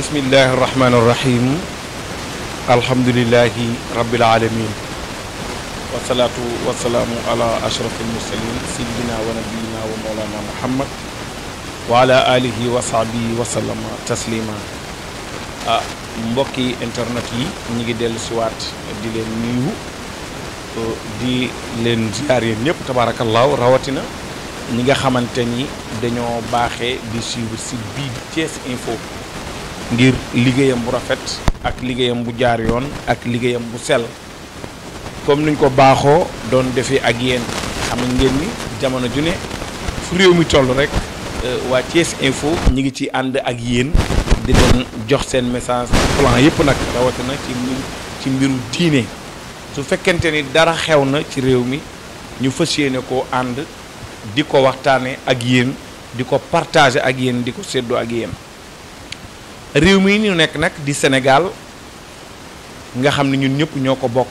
bismillahi irrahmani irrahim alhamdulilahi rabbil alamin wasalaatu wasalaamu ala ashraf almursalin sayidina wa nabiyina wa moolana muhammad wa ala alihi wa sahbihi mbokki internet yi ñu ngi dellu siwaat di leen nuyu di leen ziar yéen ñëpp tabaarakallaahu rawatina ñi nga xamante ni dañoo baaxe di suivre site bii di Info ngir liggéeyam bu rafet ak liggéeyam bu jaar yoon ak liggéeyam bu sel comme nuñ ko baaxoo doon defee ak yéen xam ngeen ni jamono ju ne fu réew mi toll rek euh, waa Thiès Info ñi ngi ci ànd ak yéen di leen jox seen message plan yëpp nag rawatina ci mbir ci mbiru diine su fekkente ni dara xew na ci réew mi ñu fas yéene koo ànd di ko waxtaane ak yéen di ko partager ak yéen di ko séddoo ak yéen réew mi ñu nekk nag di Sénégal nga xam ne ñun ñëpp ñoo ko bokk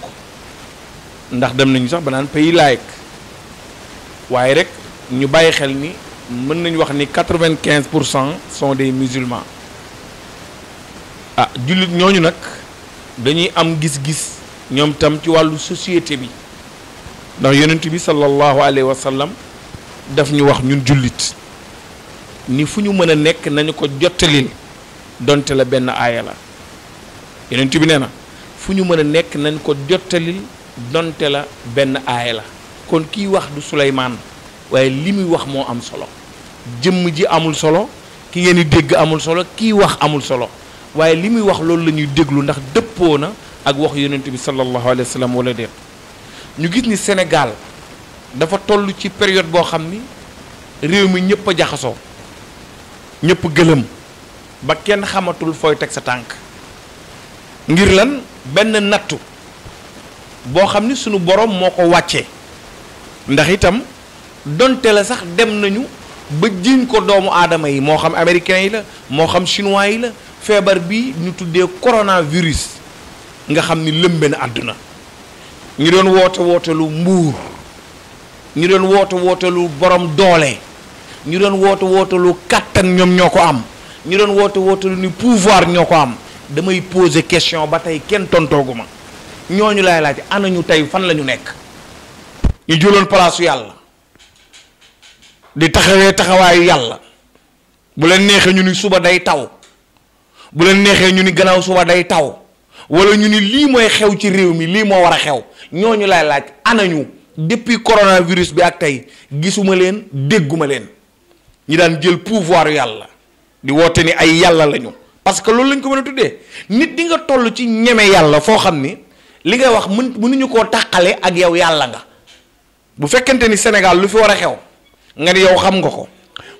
ndax dem nañu sax ba naan pays laïque waaye rek ñu bàyyi xel ni mën nañu wax ni quatre-vingt-quinze pour cent sont des musulmans ah jullit ñooñu nag dañuy am gis-gis ñoom tam ci wàllu société bi ndax yonent bi sallallahu alayhi wa sallam daf ñu wax ñun jullit ni fu ñu mën a nekk nañu ko jottalil donte la benn aaya la yeneen bi nee na fu ñu mën a nekk nañ ko jottalil donte la benn aaya la kon kiy wax du Suleymaan waaye li muy wax moo am solo jëmm ji amul solo ki ngeen di dégg amul solo kiy wax amul solo waaye li muy wax loolu la ñuy déglu ndax dëppoo na ak wax yonent bi sallallahu alayhi wa sallam wala déet ñu gis ni senegaal dafa toll ci période boo xam ni réew mi ñëpp jaxasoo ñëpp gëlëm ba kenn xamatul fooy teg sa tànk ngir lan benn nattu boo xam ni sunu borom moo ko wàccee ndax itam donte la sax dem nañu ba jiñ ko doomu aadama yi moo xam américains yi la moo xam chinois yi la feebar bi ñu tuddee coronavirus nga xam ni lëmbe na àdduna ñu doon woote wootelu mbuur ñu doon woote wootelu borom doole ñu doon woote wootelu kàttan ñoom ñoo ko am ñu doon woote woote lu ni pouvoir ñoo ko am damay poser question ba tey kenn tontoogu ma ñooñu laay laaj ana ñu tey fan la ñu nekk ñu juloon palaasu yàlla di taxawee taxawaayu yàlla bu leen neexee ñu ni suba day taw bu leen neexee ñu ni gannaaw suba day taw wala ñu ni lii mooy xew ci réew mi lii moo war a xew ñooñu laay laaj anañu depuis coronavirus bi ak tey gisuma leen dégguma leen ñi daan jël pouvoir yàlla di woote ni ay yàlla lañu parce que loolu lañ ko mën a tuddee nit di nga toll ci ñeme yàlla foo xam ni li ngay wax mën mënuñu koo tàqale ak yow yàlla nga bu fekkente ni Sénégal lu fi war a xew nga ni yow xam nga ko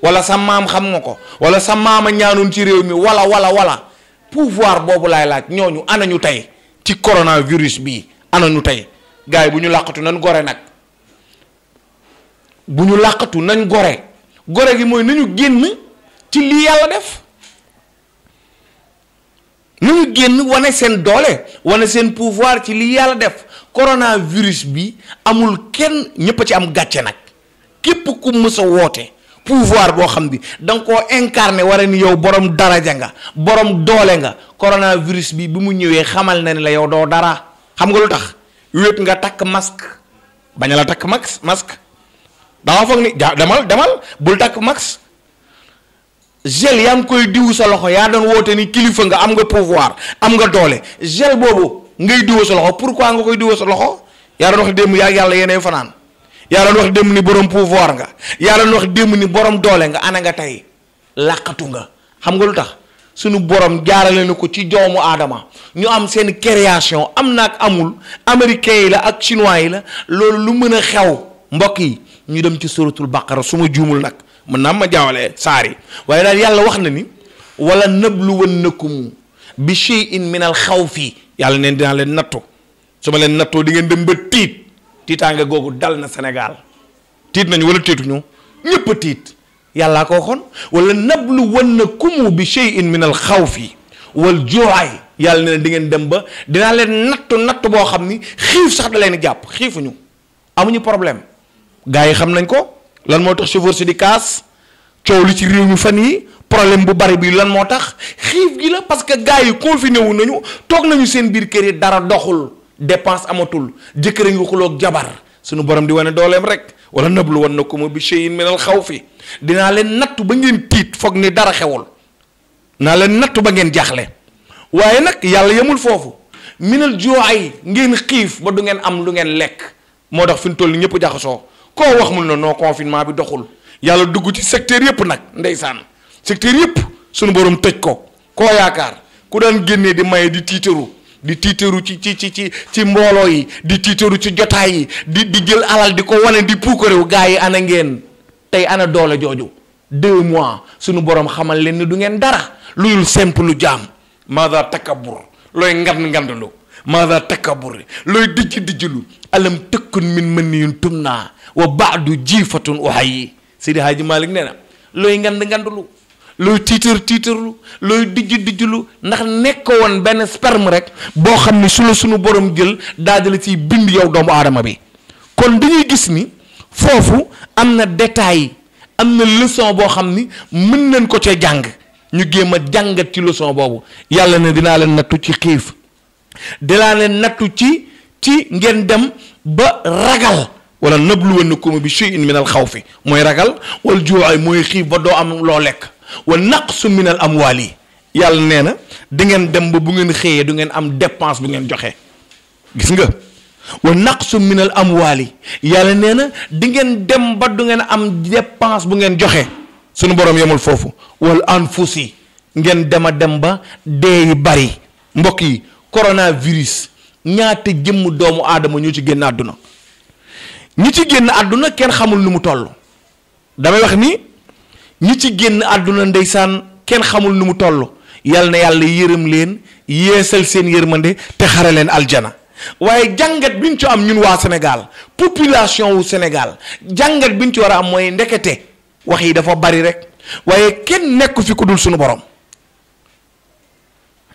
wala sa maam xam nga ko wala sa maama ñaanoon ci réew mi wala wala wala voir boobu lay laaj ñooñu anañu tey ci coronavirus bii anañu tey gars yi bu ñu làqatu nañ gore nag bu ñu làqatu nañ gore gore gi mooy nañu génn. ci lii yàlla def ñu génn wane seen doole wane seen pouvoir ci lii yàlla def coronavirus bi amul kenn ñëpp a ci am gàcce nag képp ku mës woote pouvoir boo xam bi danga koo incarné wara ni yow borom daraja nga boroom doole nga coronavirus bi bi mu ñëwee xamal na ne la yow doo dara xam nga lu tax wéet nga takk mask bañ la takk max masque dama foog ni demal demal bul takk max gel yaa ngi koy diwu sa loxo yaa doon woote ni kilifa nga am nga pouvoir am nga doole gel boobu ngay diwu sa loxo pourquoi nga koy diwu sa loxo yaa doon wax démb yaa yàlla yeneen fanaan yaa doon wax démb ni borom pouvoir nga yaa doon démb ni borom doole nga ana nga tey làqatu nga xam nga lu tax suñu borom jaarale na ko ci joomu aadama ñu am seen création am na ak amul américains yi la ak chinois yi la loolu lu mën a xew mbokk yi ñu dem ci suratul baqara su ma juumul nag mën naa ma jaawalee saar yi waaye daal yàlla wax na ni wala nabluwannakum bi shay'in min xaw fii yàlla neen dinaa leen nattu su ma leen nattoo di ngeen dem ba tiit tiitaange googu dal na Sénégal tiit nañu wala tiituñu ñëpp a tiit yàllaa ko waxoon wala nabluwannakum bi shay'in min xaw fii wal juu'i yàlla ne di ngeen dem ba dinaa leen nattu nattu boo xam ni xiif sax da leen jàpp xiifuñu amuñu problème gars yi xam nañ ko. lan moo tax chauffeur si di kaas coow lu ci réew fan yi problème bu bari bi lan moo tax xiif gi la parce que gars yi confiné wu nañu toog nañu seen biir kër yi dara doxul dépense amatul jëkkër a ngi xuloog jabar suñu borom di wane dooleem rek wala nablu wan na ko ma bi shay'in minal xawfi dinaa leen nattu ba ngeen tiit foog ni dara xewul naa leen nattu ba ngeen jaxle waaye nag yàlla yemul foofu minal jooy ngeen xiif ba du ngeen am lu ngeen lekk moo tax fi mu toll nii ñëpp jaxasoo koo wax mun na noo confinement bi doxul yàlla dugg ci secteur yëpp nag ndeysaan secteur yëpp sunu borom tëj ko koo yaakaar ku daan génnee di maye di tiitaru di tiitaru ci ci ci ci ci mbooloo yi di tiitaru ci jotaay yi di jël alal di ko wane di puukarewu gaa yi ana ngeen tey ana doole jooju deux mois sunu borom xamal leen ni du ngeen dara lu dul simple lu jaam maada takabur looy ngand ngandlu maada takabur looy dijj dijjlu alam tëkkun min mën yun tum naa wa baadu jiifatun uhay yi Seydi Haaji Malick nee na looy ngand ngandulu looy tiitar tiitarlu looy dijj dijjlu ndax nekk woon benn sperm rek boo xam ni su la sunu borom jël daajale ciy bind yow doomu aadama bi kon dañuy gis ni foofu am na détail am na leçon boo xam ni mën nañ ko ca jàng ñu géem a jàngat ci leçon boobu yàlla na dinaa leen nattu ci xiif dinaa leen nattu ci ci ngeen dem ba ragal wala nabluwannakum bi shay'in min xaw fi mooy ragal wal ay mooy xiif ba doo am loo lekk wal naq su minal amwaali yàlla nee na di ngeen dem ba bu ngeen xëyee du ngeen am dépense bu ngeen joxe gis nga wa naqsu min al amwaali yàlla nee na di ngeen dem ba du ngeen am dépense bu ngeen joxe sunu borom yemul foofu wal anfusi ngeen dem a dem ba dee yi bari mbokk yi coronavirus ñaata jëmm doomu aadama ñoo ci génn àdduna ñi ci génn àdduna kenn xamul nu mu toll damay wax ni ñi ci génn àdduna ndeysaan kenn xamul nu mu toll yàlla na yàlla yërëm leen yeesal seen yërmande te xare leen aljana waaye jàngat bi ñu ci am ñun waa Sénégal population wu senegal jàngat bi ñu ci war a am mooy ndekete wax yi dafa bari rek waaye kenn nekku fi ku dul sunu borom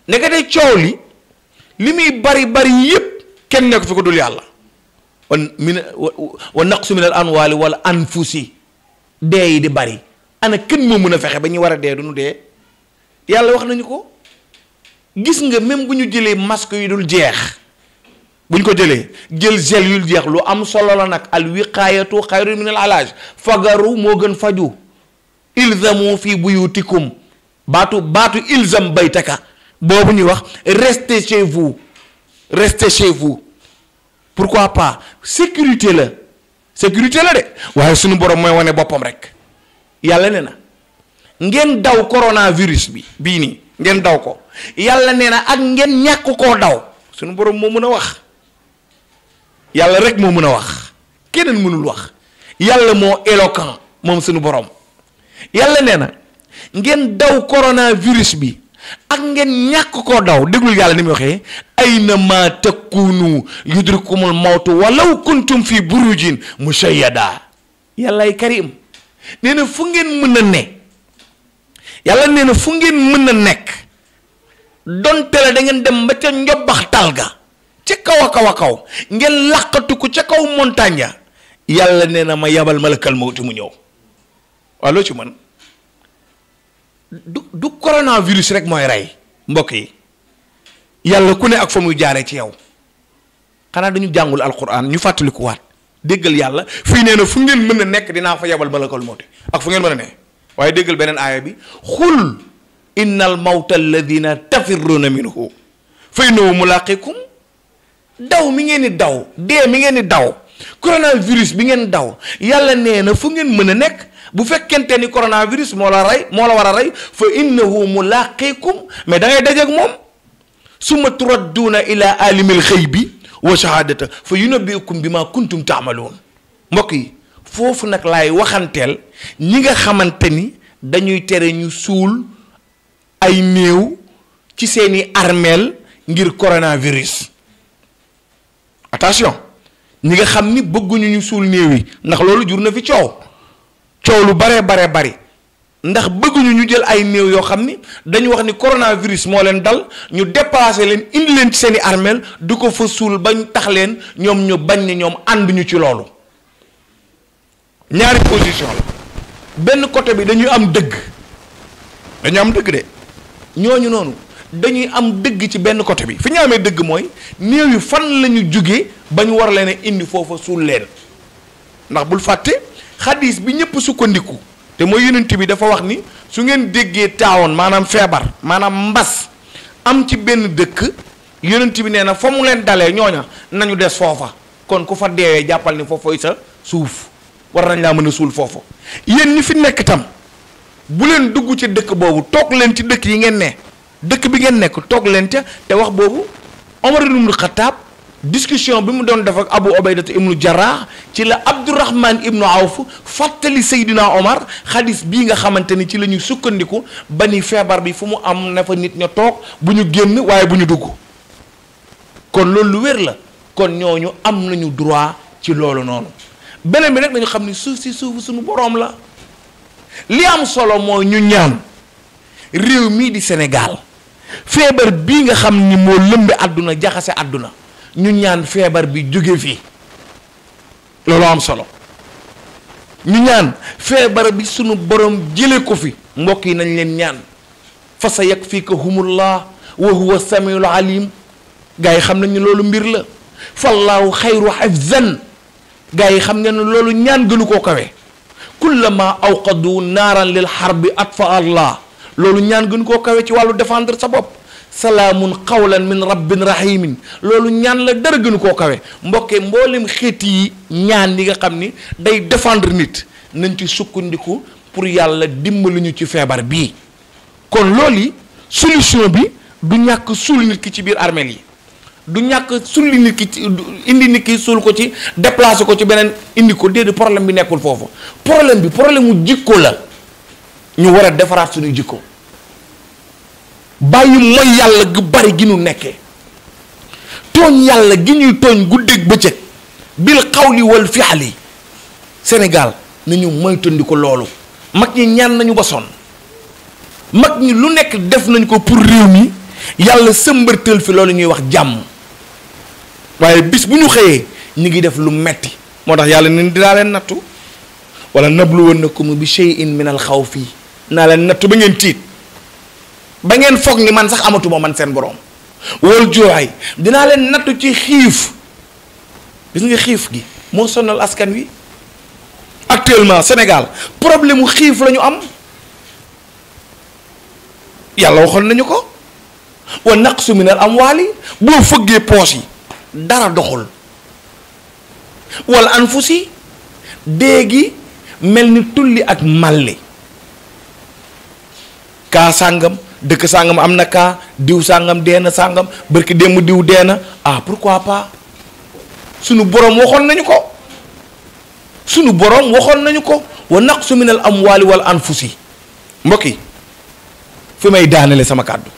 ndekete coow li li muy bari bari yépp kenn nekk fi ko dul yàlla wan min wa naqsu min al anwaali wala anfusi dee yi di bari ana kenn moo mën a fexe ba ñu war a dee du ñu dee yàlla wax nañu ko gis nga même bu ñu jëlee masque yu dul jeex bu ñu ko jëlee jël gel yu jeex lu am solo la nag al wiqaayatu xayrun min al alaaj fagaru moo gën faju ilzamu fi buyutikum baatu baatu ilzam baytaka boobu ñuy wax restez chez vous restez pour quoi pas sécurité la sécurité la de waaye suñu borom mooy wane boppam rek yàlla ne na ngeen daw coronavirus bi bii nii ngeen daw ko yàlla nee na ak ngeen ñàkk koo daw suñu borom moo mën a wax yàlla rek moo mën a wax keneen mënul wax yàlla moo éloquent moom suñu borom yàlla nee na ngeen daw coronavirus bi. ak ngeen ñàkk koo daw déglul yàlla ni muy waxee ay ayna ma takunu yudrikumul mawtu walaw kuntum fi burujin mushayyada yàllaay karim nee na fu ngeen mën na ne yàlla nee na fu ngeen mën na nekk donte la da dem ba ca njobax talga ca kaw a kaw a kaw ngeen làqatu ko ca kaw montagne ya yàlla nee na ma yabal malakal mawtu mu ñëw waa loo ci mën du du coronavirus rek mooy rey mbokk yi yàlla ku ne ak fa muy jaaree ci yow xanaa dañu jàngul alquran ñu ku waat déggal yàlla fii nee na fu ngeen mën a nekk dinaa fa yebal malakal mawti ak fu ngeen mën a ne waaye déggal beneen aaya bi xul innal mawta alladina tafirruuna minhu fa innahu mulaqikum daw mi ngeen di daw dee mi ngeen di daw coronavirus bi ngeen daw yàlla nee na fu ngeen mën a nekk bu fekkente ni coronavirus moo la rey moo la war a rey fa innahu mulaqikum mais da ngay dajeeg moom summa turadduuna ila alimil xaybi wa shahadata fa yunabbiukum bi ma kuntum taamaloon mbokk yi foofu nag lay waxanteel ñi nga xamante ni dañuy tere ñu suul ay néew ci seeni armeel ngir coronavirus attention ñi nga xam ni bëgguñu ñu suul néew yi ndax loolu jur na fi coow coow lu baree baree bari ndax bëgguñu ñu jël ay néew yoo xam ni dañu wax ni coronavirus moo leen dal ñu déplacé leen indi leen ci seen i armeel du ko fa suul bañ tax leen ñoom ñu bañ ni ñoom ànduñu ci loolu ñaari position la benn côté bi dañuy am dëgg dañu am dëgg de ñooñu noonu dañuy am dëgg ci benn côté bi fi ñu amee dëgg mooy néew yi fan la ñu jugee ba ñu war leen indi foofa suul leen ndax bul fàtte. xadis bi ñëpp sukkandiku te mooy yonent bi dafa wax ni su ngeen déggee taawoon maanaam feebar maanaam mbas am ci benn dëkk yonent bi nee na fa mu leen dalee ñooña nañu des foofa kon ku fa deewee jàppal ni foofooy sa suuf war nañ laa mën a suul foofu yéen ñi fi nekk tam bu leen dugg ci dëkk boobu toog leen ci dëkk yi ngeen ne dëkk bi ngeen nekk toog leen ca te wax boobu Omar ibn Khattab discussion bi mu doon def ak Abu Obaydata ibnu Jarrah ci la Abdourahman ibnu Awf fàttali Seydina Omar xadis bii nga xamante ni ci lañuy sukkandiku ba ni feebar bi fu mu am na fa nit ña toog bu ñu génn waaye bu ñu dugg kon loolu lu wér la kon ñooñu am nañu droit ci loolu noonu beneen bi nag dañu xam ni suuf si suufu suñu boroom la li am solo mooy ñu ñaan réew mii di senegaal feebar bii nga xam ni moo lëmbe àdduna jaxase àdduna ñu ñaan feebar bi jóge fii loolu am solo ñu ñaan feebar bi sunu borom jële ko fi mbokk yi nañ leen ñaan fa sa yakfikahumullah wa huwa samiul alim gaa yi xam nañu loolu mbir la fallaahu xayru xafzan gaa yi xam ngeen loolu ñaan gënu koo kawe kullama awqadu naaran lil xarbi atfa allah loolu ñaan gënu koo kawe ci wàllu défendre sa bopp salaamun xawlan min rabbin rahimin loolu ñaan la dara gënu koo kawe mbokke mboolem xeeti yi ñaan yi nga xam ni day defendre nit nañ ci sukkandiku pour yàlla dimbali ñu ci feebar bii kon loolu yi solution bi du ñàkk suul nit ki ci biir armeel yi du ñàkk sulli nit ki indi nit ki suul ko ci déplacé ko ci beneen indi ko déedéet problème bi nekkul foofu problème bi problème mu jikko la ñu war a defaraat suñu jikko bàyyi mooy yàlla gu bari gi nu nekkee tooñ yàlla gi ñuy tooñ guddeeg bëccëg bil xawli wal fi'li Sénégal nañu moytandiku loolu mag ñi ñaan nañu ba sonn mag ñi lu nekk def nañ ko pour réew mi yàlla sëmbërtël fi loolu ñuy wax jàmm waaye bis bu ñu xëyee ñu ngi def lu metti moo tax yàlla ni dinaa leen nattu wala nabluwannakum bi shay'in min al xawfi naa leen nattu ba ngeen tiit ba ngeen foog ni man sax amatuma man seen borom wal jooy dinaa leen nattu ci xiif gis nga xiif gi moo sonal askan wi actuellement Sénégal problème mu xiif lañu am yàlla waxoon nañu ko wa naqsu minal amwaali boo fëggee poos yi dara doxul wala anfusi dee mel ni tulli ak màlli kaa sàngam dëkk sàngam am na kaa diw sàngam deena sàngam barki démb diw deena ah quoi pas sunu borom waxoon nañu ko sunu borom waxoon nañu ko wa naqsu minal amwaali wal anfusi mbokk yi fi may daanele sama kàddu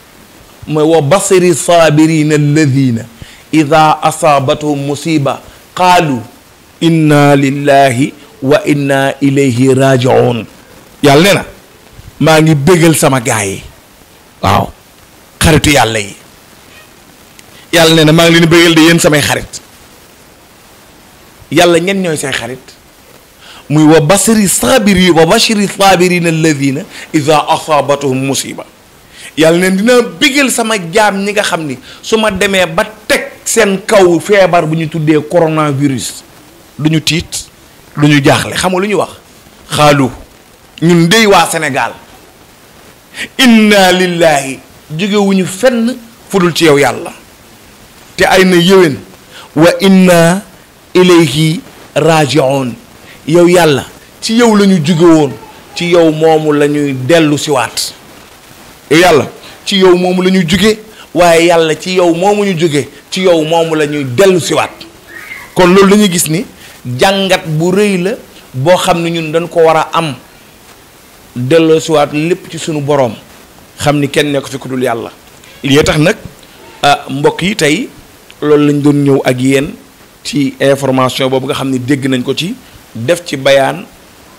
mooy wa basiri saabirina alladina ida asaabathum musiba qaalu inna lillahi wa inna ilayhi rajiun yàlla ne na maa ngi bégal sama gaay yi waaw xaritu yàlla yi yàlla nee na maa ngi leen di bëggal de samay xarit yàlla ñen ñooy say xarit muy wa basiri sabiri wa bashiri sabirina alladina ida asabatuhum musiba yàlla neen dinaa bégal sama jaam ñi nga xam ni su ma demee ba teg seen kaw feebar bu ñu tuddee coronavirus du ñu tiit du ñu jaaxle xam nga lu ñu wax xaalu ñun dey waa senegaal inna lillahi jógewuñu fenn fudul ci yow yàlla te ay na yéwén wa inna ilayhi raji'un yow yàlla ci yow la ñu jóge woon ci yow moomu lañuy ñuy dellu si yàlla ci yow moomu lañuy jóge waaye yàlla ci yow moomu ñu jóge ci yow moomu lañuy ñuy dellu si kon loolu dañuy gis ni jàngat bu rëy la boo xam ne ñun dañ ko war a am delloo siwaat lépp ci sunu boroom xam ni kenn nekk fi ku dul yàlla lii tax nag ah, mbokk yi tey loolu lañ doon ñëw ak yéen ci information boobu nga xam ni dégg nañ ko ci def ci bayaan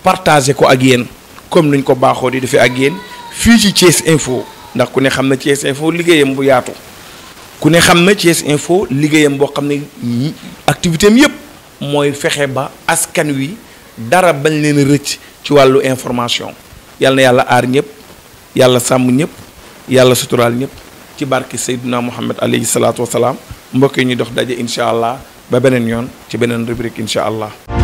partagé ko ak yéen comme niñ ko baaxoo di defee ak yéen fii ci Thiès Info ndax ku ne xam na Thiès Info liggéeyam bu yaatu ku ne xam na Thiès Info liggéeyam boo xam ne activité am yépp mooy fexe ba askan wi dara bañ leen rëcc ci wàllu information yàlla na yàlla aar ñëpp yàlla sàmm ñëpp yàlla suturaal ñëpp ci barki Seydina Muhammad alayhi salaatu wa salaam mbokk yi ñu dox daje incha allah ba beneen yoon ci beneen rubrique incha allah.